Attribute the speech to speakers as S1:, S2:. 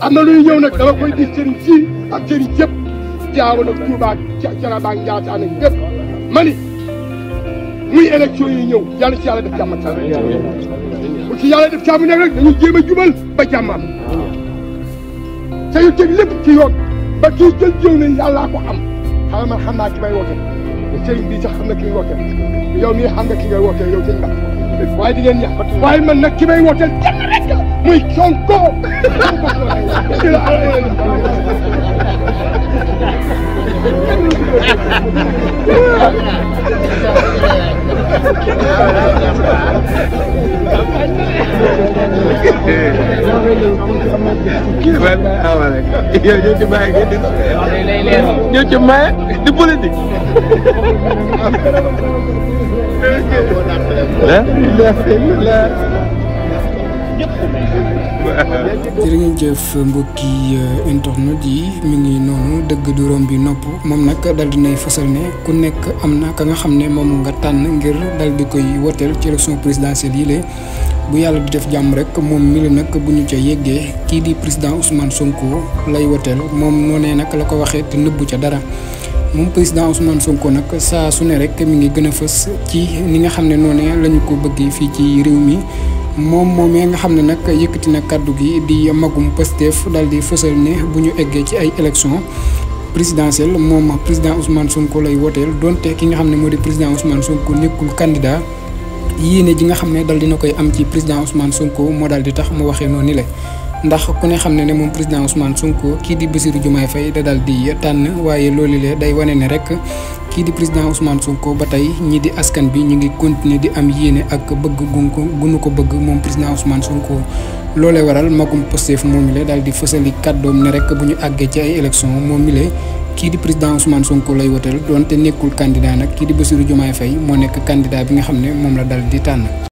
S1: am na luy ñëw nag dama ko di sëriñ si ak sëriñ yëpp jaaw nag Touba Thiénaba Ndiassane ak yëpp ma ni muy élection yi ñëw yàlla ci yàlla def jàmm ak bu ci yàlla def jàmm rek dañuy jéem a jubal ba jàmm am sañu lépp ci yoon ba kii jël jëw ne yàllaa ko am xanaa man xam naa i may woote sëriñ bi sax xam na ki may woote yow mii xam nga ki ngay waaye di ngeen ñax waaye man nag ki may woote kenn rek we can go.
S2: jërë ngeen jëf mbokki euh, internet yi mi ngi noonu dëgg du rombi nopp moom nag dal dinay ne ku nekk am na ka nga xam ne moom nga tànn ngir dal di koy woteel ci élection présidentielle yi lée bu yàlla di def jàmm rek moom mi la nag bu ñu ca yeggee kii di président Ousmane Sonko lay woteel moom noonee nag la ko waxee te nëbbu ca dara moom président Ousmane Sonko nag saa su ne rek mi ngi gën a fës ci ni nga xam ne noonee la ko bëggee fii ci réew mi moom moomee nga xam ne nag yëkkati na kàddu gi di magum Pastef daal di fësal ne bu ñu eggee ci ay élections présidentielles moom président Ousmane sunko lay wooteel donte ki nga xam ne moo di président Ousmane Sonko nekkul candidat yéene ji nga xam ne dal dina koy am ci président Ousmane Sonko moo daal di tax mu waxee noonu ni la. ndax ku ne xam ne ne moom président Ousmane Sonko kii di Bassirou Diomaye Faye da daal di tànn waaye loolu le day wane ne rek kii di président Ousmane Sonko ba tey ñii di askan bi ñu ngi continuer di am yéene ak bëgg gun ko nu ko bëgg moom président Ousmane Sonko. loolee waral magum Pastef moom mi la daal di fësali kàddoom ne rek bu ñu àggee ci ay élection moom mi la kii di président Ousmane Sonko lay woteel doonte nekkul candidat nag kii di Bassirou Diomaye Faye moo nekk candidat bi nga xam ne moom la daal di tànn.